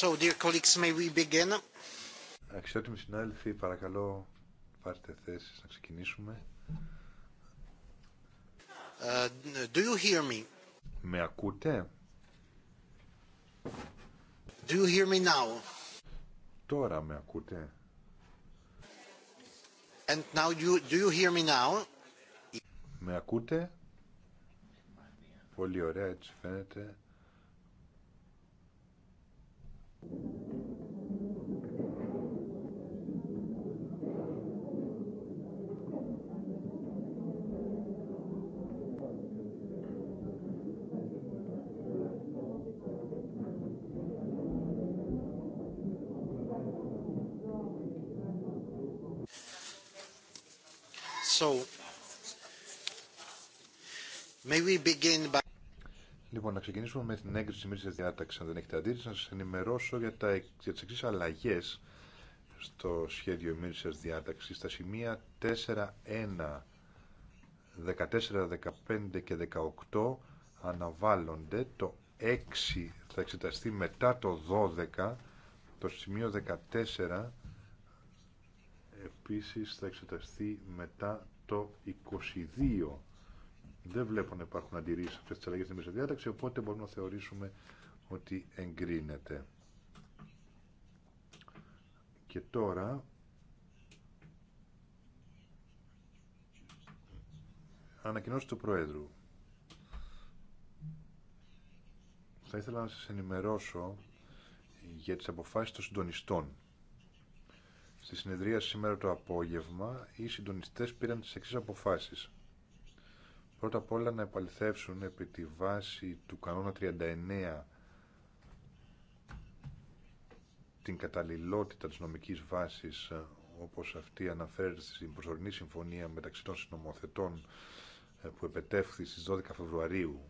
So, dear colleagues, may we begin? Αξιότιμοι συνάδελφοι, παρακαλώ πάρτε θέση να ξεκινήσουμε. Uh, do you hear me? Με ακούτε? Do you hear me now? Τώρα με ακούτε? And now you, do you hear me now? Με ακούτε? Πολύ ωραία, έτσι φαίνεται. Λοιπόν, να ξεκινήσουμε με την έγκριση τη μίληση διάταξη. Αν δεν έχετε αντίρρηση, να σα ενημερώσω για, τα, για τι εξή αλλαγέ στο σχέδιο μίληση διάταξη. Στα σημεία 4, 1. 14, 15 και 18 αναβάλλονται. Το 6 θα εξεταστεί μετά το 12. Το σημείο 14 επίσης θα εξεταστεί μετά το 22. Δεν βλέπω να υπάρχουν αντιρρήσεις αυτές τις αλλαγές στην μεσοδιάταξη, οπότε μπορούμε να θεωρήσουμε ότι εγκρίνεται. Και τώρα ανακοινώσει του Προέδρου. Θα ήθελα να σας ενημερώσω για τις αποφάσεις των συντονιστών. Στη συνεδρία σήμερα το απόγευμα, οι συντονιστές πήραν τις εξής αποφάσεις. Πρώτα απ' όλα να επαληθεύσουν επί τη βάση του κανόνα 39 την καταλληλότητα της νομικής βάσης όπως αυτή αναφέρεται στην προσωρινή συμφωνία μεταξύ των συνομοθετών ε, που επετεύχθη στις 12 Φεβρουαρίου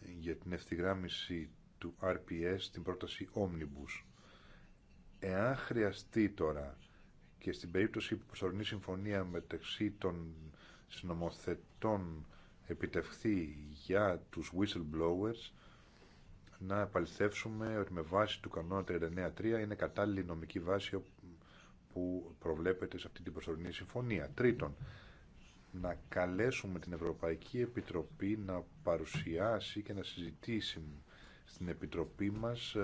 για την ευθυγράμμιση του RPS στην πρόταση Omnibus. Εάν χρειαστεί τώρα και στην περίπτωση που η προσωρινή συμφωνία μεταξύ των συνομοθετών επιτευχθεί για τους whistleblowers, να επαληθεύσουμε ότι με βάση του κανόνα 39.3 είναι κατάλληλη νομική βάση που προβλέπεται σε αυτή την προσωρινή συμφωνία. Τρίτον, να καλέσουμε την Ευρωπαϊκή Επιτροπή να παρουσιάσει και να συζητήσει στην Επιτροπή μας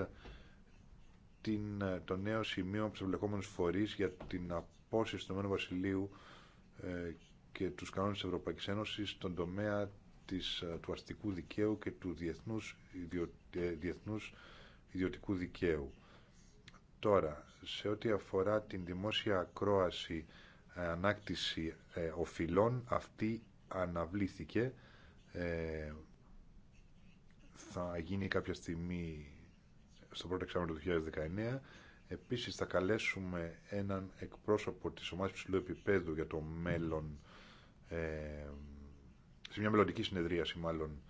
την, ε, το νέο σημείο από του φορεί για την απόσυρση του Βασιλείου ε, και του κανόνες τη Ευρωπαϊκή Ένωση στον τομέα της, ε, του αστικού δικαίου και του διεθνούς, ιδιωτικού δικαίου. Τώρα, σε ό,τι αφορά την δημόσια ακρόαση ανάκτηση ε, οφειλών, αυτή αναβλήθηκε. θα γίνει κάποια στιγμή στο πρώτο εξάμεινο του 2019. Επίσης θα καλέσουμε έναν εκπρόσωπο της ομάδας ψηλού επίπεδου για το μέλλον, ε, σε μια μελλοντική συνεδρίαση μάλλον,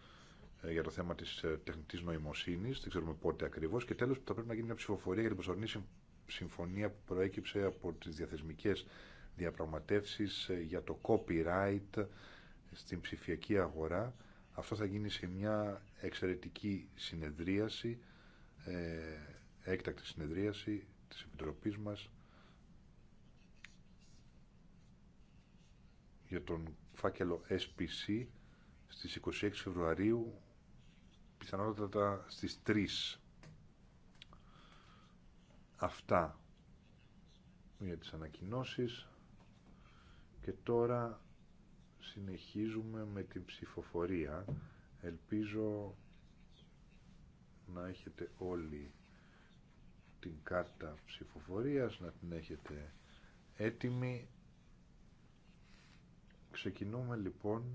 ε, για το θέμα της ε, τεχνητής δεν ξέρουμε πότε ακριβώς, και τέλος θα πρέπει να γίνει μια ψηφοφορία για την προσωρινή συμφωνία που προέκυψε από τις διαθεσμικές διαπραγματεύσεις ε, για το copyright ε, στην ψηφιακή αγορά. Αυτό θα γίνει σε μια εξαιρετική συνεδρίαση ε, έκτακτη συνεδρίαση της Επιτροπής μας για τον φάκελο SPC στις 26 Φεβρουαρίου πιθανότατα στις 3 αυτά για τις ανακοινώσεις και τώρα συνεχίζουμε με την ψηφοφορία ελπίζω να έχετε όλοι την κάρτα ψηφοφορίας, να την έχετε έτοιμη. Ξεκινούμε λοιπόν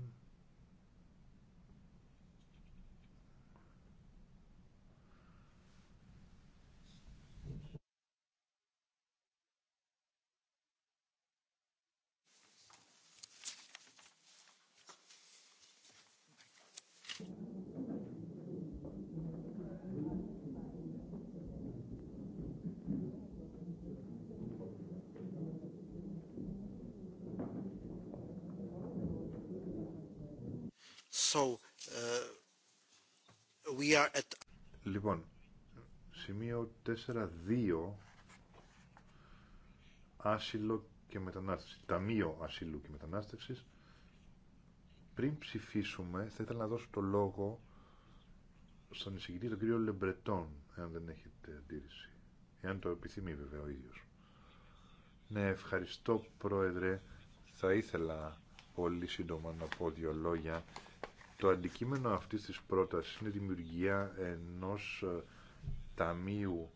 Uh, λοιπόν, σημείο 4.2 άσυλο και μετανάστευση, ταμείο ασύλου και μετανάστευσης. Πριν ψηφίσουμε, θα ήθελα να δώσω το λόγο στον εισηγητή, τον κύριο Λεμπρετών εάν δεν έχετε αντίρρηση. Εάν το επιθυμεί βέβαια ο ίδιος. Ναι, ευχαριστώ πρόεδρε. Θα ήθελα πολύ σύντομα να πω δύο λόγια το αντικείμενο αυτής της πρότασης είναι η δημιουργία ενός ε, ταμείου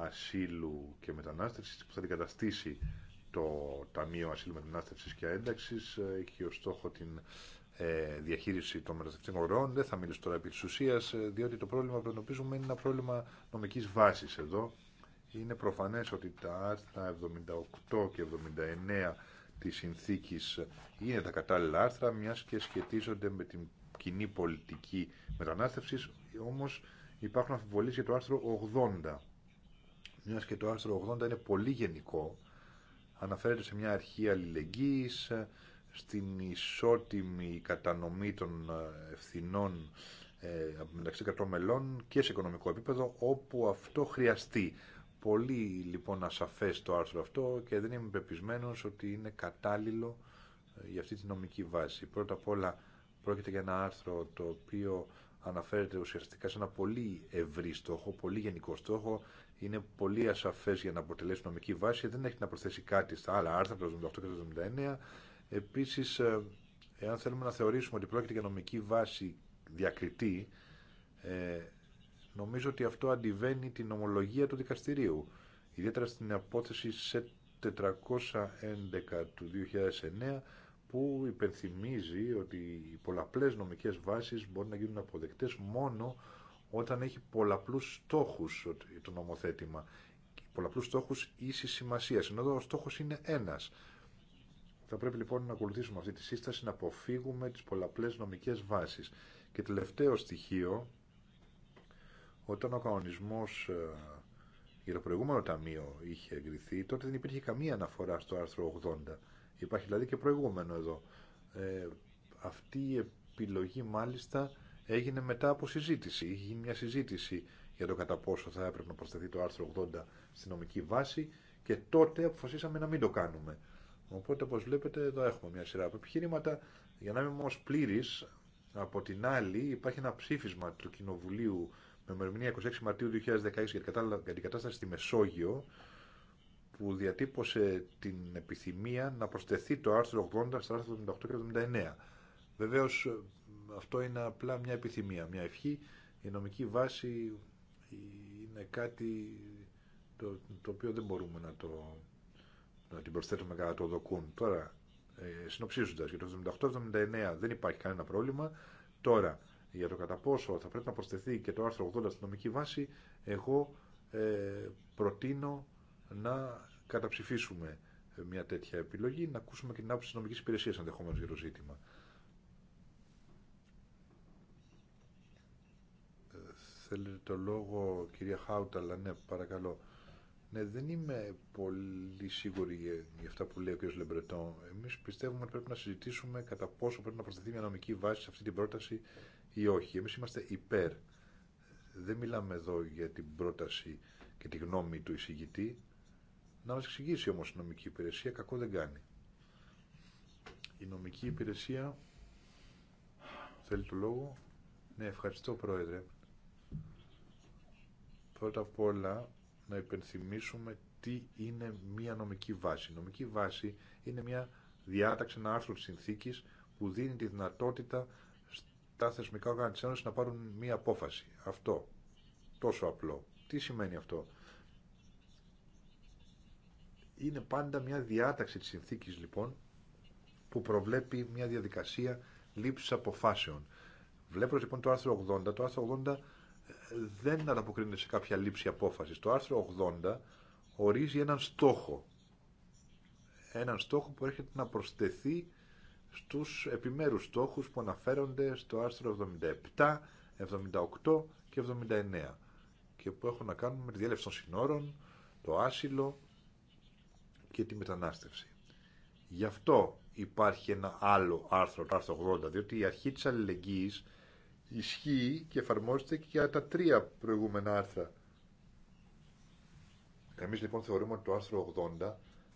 ασύλου και μετανάστευσης που θα αντικαταστήσει το Ταμείο Ασύλου Μετανάστευσης και Ένταξης. Ε, έχει ως στόχο την ε, διαχείριση των μεταναστευτικών ορών. Δεν θα μιλήσω τώρα επί της ουσίας, διότι το πρόβλημα που αντιμετωπίζουμε είναι ένα πρόβλημα νομικής βάσης εδώ. Είναι προφανές ότι τα άρθρα 78 και 79 της συνθήκης είναι τα κατάλληλα άρθρα, μιας και σχετίζονται με την κοινή πολιτική μετανάστευσης, Όμω υπάρχουν αμφιβολίε για το άρθρο 80. Μια και το άρθρο 80 είναι πολύ γενικό, αναφέρεται σε μια αρχή αλληλεγγύης, στην ισότιμη κατανομή των ε, ευθυνών ε, μεταξύ κρατών μελών και σε οικονομικό επίπεδο όπου αυτό χρειαστεί. Πολύ λοιπόν ασαφές το άρθρο αυτό και δεν είμαι πεπισμένος ότι είναι κατάλληλο ε, για αυτή τη νομική βάση. Πρώτα απ' όλα Πρόκειται για ένα άρθρο το οποίο αναφέρεται ουσιαστικά σε ένα πολύ ευρύ στόχο, πολύ γενικό στόχο. Είναι πολύ ασαφέ για να αποτελέσει νομική βάση, δεν έχει να προσθέσει κάτι στα άλλα άρθρα, το 78 και το 79. Επίση, ε, εάν θέλουμε να θεωρήσουμε ότι πρόκειται για νομική βάση διακριτή, ε, νομίζω ότι αυτό αντιβαίνει την ομολογία του δικαστηρίου. Ιδιαίτερα στην απόθεση σε 411 του 2009 που υπενθυμίζει ότι οι πολλαπλές νομικές βάσεις μπορεί να γίνουν αποδεκτές μόνο όταν έχει πολλαπλούς στόχους το νομοθέτημα. Πολλαπλούς στόχους ίσης σημασίας, ενώ εδώ ο στόχος είναι ένας. Θα πρέπει λοιπόν να ακολουθήσουμε αυτή τη σύσταση, να αποφύγουμε τις πολλαπλές νομικές βάσεις. Και τελευταίο στοιχείο, όταν ο κανονισμός ε, για το προηγούμενο ταμείο είχε εγκριθεί, τότε δεν υπήρχε καμία αναφορά στο άρθρο 80. Υπάρχει δηλαδή και προηγούμενο εδώ. Ε, αυτή η επιλογή μάλιστα έγινε μετά από συζήτηση. Είχε γίνει μια συζήτηση για το κατά πόσο θα έπρεπε να προσταθεί το άρθρο 80 στη νομική βάση και τότε αποφασίσαμε να μην το κάνουμε. Οπότε, όπως βλέπετε, εδώ έχουμε μια σειρά από επιχειρήματα. Για να είμαι όμω πλήρη, από την άλλη, υπάρχει ένα ψήφισμα του Κοινοβουλίου με ημερομηνία 26 Μαρτίου 2016 για την κατάσταση στη Μεσόγειο, που διατύπωσε την επιθυμία να προσθεθεί το άρθρο 80 στα άρθρα 78 και 79. Βεβαίως αυτό είναι απλά μια επιθυμία, μια ευχή. Η νομική βάση είναι κάτι το, οποίο δεν μπορούμε να, το, να την προσθέτουμε κατά το δοκούν. Τώρα, ε, συνοψίζοντας, για το 78-79 δεν υπάρχει κανένα πρόβλημα. Τώρα, για το κατά πόσο θα πρέπει να προσθεθεί και το άρθρο 80 στην νομική βάση, εγώ ε, προτείνω να καταψηφίσουμε μια τέτοια επιλογή, να ακούσουμε και την άποψη τη νομική υπηρεσία ενδεχομένω για το ζήτημα. Θέλετε το λόγο, κυρία αλλά ναι, παρακαλώ. Ναι, δεν είμαι πολύ σίγουρη για αυτά που λέει ο κ. Λεμπρετόν. Εμεί πιστεύουμε ότι πρέπει να συζητήσουμε κατά πόσο πρέπει να προσθεθεί μια νομική βάση σε αυτή την πρόταση ή όχι. Εμεί είμαστε υπέρ. Δεν μιλάμε εδώ για την πρόταση και τη γνώμη του εισηγητή. Να μας εξηγήσει όμως η νομική υπηρεσία, κακό δεν κάνει. Η νομική υπηρεσία θέλει το λόγο, Ναι, ευχαριστώ Πρόεδρε. Πρώτα απ' όλα να υπενθυμίσουμε τι είναι μια νομική βάση. Η νομική βάση είναι μια διάταξη, ένα άρθρο της συνθήκης που δίνει τη δυνατότητα στα θεσμικά όργανα να πάρουν μια απόφαση. Αυτό. Τόσο απλό. Τι σημαίνει αυτό. Είναι πάντα μια διάταξη της συνθήκης λοιπόν που προβλέπει μια διαδικασία λήψης αποφάσεων. Βλέπω λοιπόν το άρθρο 80. Το άρθρο 80 ε, δεν ανταποκρίνεται σε κάποια λήψη απόφασης. Το άρθρο 80 ορίζει έναν στόχο. Έναν στόχο που έρχεται να προσθεθεί στους επιμέρους στόχους που αναφέρονται στο άρθρο 77, 78 και 79 και που έχουν να κάνουν με τη διέλευση των συνόρων, το άσυλο, και τη μετανάστευση. Γι' αυτό υπάρχει ένα άλλο άρθρο, το άρθρο 80, διότι η αρχή της αλληλεγγύης ισχύει και εφαρμόζεται και για τα τρία προηγούμενα άρθρα. Εμείς λοιπόν θεωρούμε ότι το άρθρο 80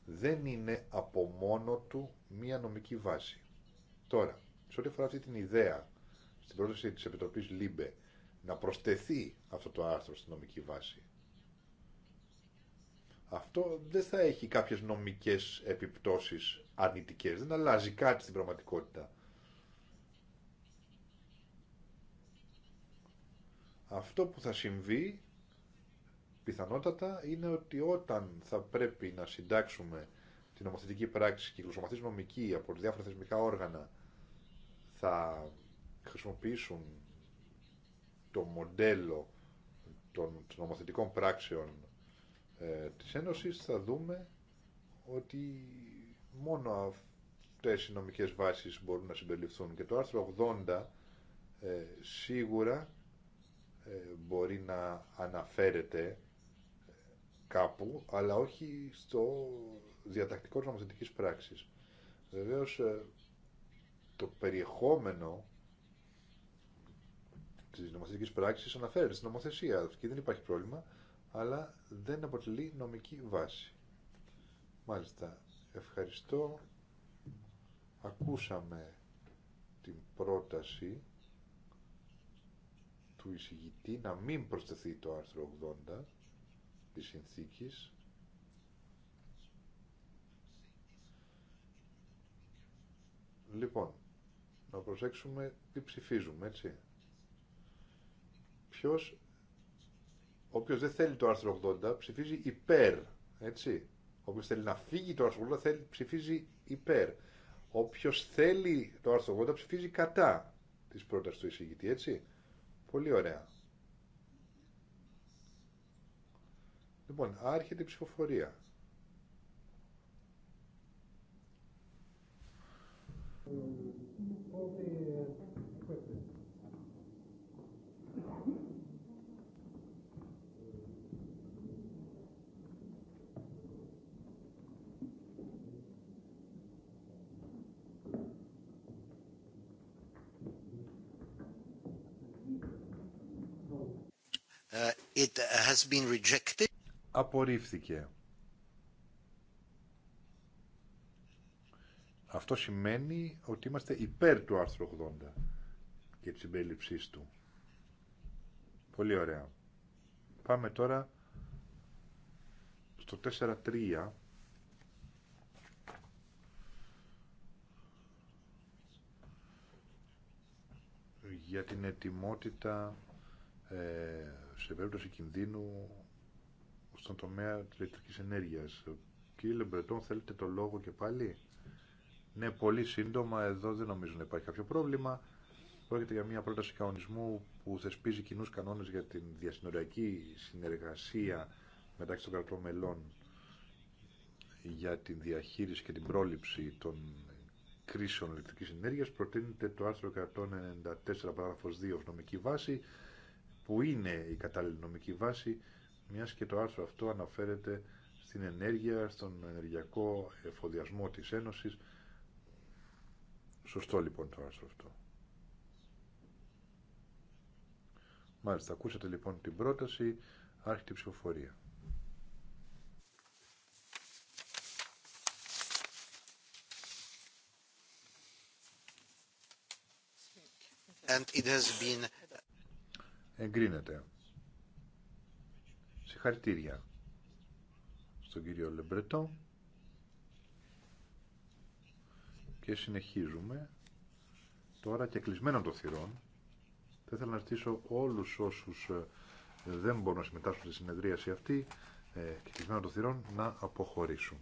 δεν είναι από μόνο του μία νομική βάση. Τώρα, σε ό,τι αφορά αυτή την ιδέα στην πρόταση της Επιτροπής ΛΥΜΠΕ να προσθεθεί αυτό το άρθρο στη νομική βάση, αυτό δεν θα έχει κάποιες νομικές επιπτώσεις αρνητικές. Δεν αλλάζει κάτι στην πραγματικότητα. Αυτό που θα συμβεί πιθανότατα είναι ότι όταν θα πρέπει να συντάξουμε την νομοθετική πράξη και η νομική από διάφορα θεσμικά όργανα θα χρησιμοποιήσουν το μοντέλο των νομοθετικών πράξεων ε, της Ένωσης θα δούμε ότι μόνο αυτές οι νομικές βάσεις μπορούν να συμπεριληφθούν και το άρθρο 80 ε, σίγουρα ε, μπορεί να αναφέρεται ε, κάπου αλλά όχι στο διατακτικό της νομοθετικής πράξης. Βεβαίως ε, το περιεχόμενο της νομοθετικής πράξης αναφέρεται στην νομοθεσία και δεν υπάρχει πρόβλημα αλλά δεν αποτελεί νομική βάση. Μάλιστα, ευχαριστώ. Ακούσαμε την πρόταση του εισηγητή να μην προσθεθεί το άρθρο 80 της συνθήκης Λοιπόν, να προσέξουμε τι ψηφίζουμε, έτσι. Ποιος Οποιο δεν θέλει το άρθρο 80 ψηφίζει υπέρ, έτσι. Όποιος θέλει να φύγει το άρθρο 80 θέλει, ψηφίζει υπέρ. Οποιο θέλει το άρθρο 80 ψηφίζει κατά της πρόταση του εισηγητή, έτσι. Πολύ ωραία. Λοιπόν, άρχεται η ψηφοφορία. It has been rejected. Απορρίφθηκε. Αυτό σημαίνει ότι είμαστε υπέρ του άρθρου 80 και της συμπερίληψής του. Πολύ ωραία. Πάμε τώρα στο 4-3. για την ετοιμότητα ε, σε περίπτωση κινδύνου στον τομέα της ηλεκτρικής ενέργειας. Κύριε Λεμπρετών, θέλετε το λόγο και πάλι. Ναι, πολύ σύντομα, εδώ δεν νομίζω να υπάρχει κάποιο πρόβλημα. Πρόκειται για μια πρόταση κανονισμού που θεσπίζει κοινού κανόνες για την διασυνοριακή συνεργασία μεταξύ των κρατών μελών για την διαχείριση και την πρόληψη των κρίσεων ηλεκτρικής ενέργειας. Προτείνεται το άρθρο 194 παράγραφος 2 νομική βάση που είναι η κατάλληλη νομική βάση, μιας και το άρθρο αυτό αναφέρεται στην ενέργεια, στον ενεργειακό εφοδιασμό της Ένωσης. Σωστό λοιπόν το άρθρο αυτό. Μάλιστα, ακούσατε λοιπόν την πρόταση, άρχιτη ψηφοφορία. And it has Εγκρίνεται. Συγχαρητήρια στον κύριο Λεμπρετό. Και συνεχίζουμε. Τώρα και κλεισμένο το θυρών. Θα ήθελα να ρωτήσω όλους όσους ε, δεν μπορούν να συμμετάσχουν στη συνεδρίαση αυτή ε, και το των θυρών να αποχωρήσουν.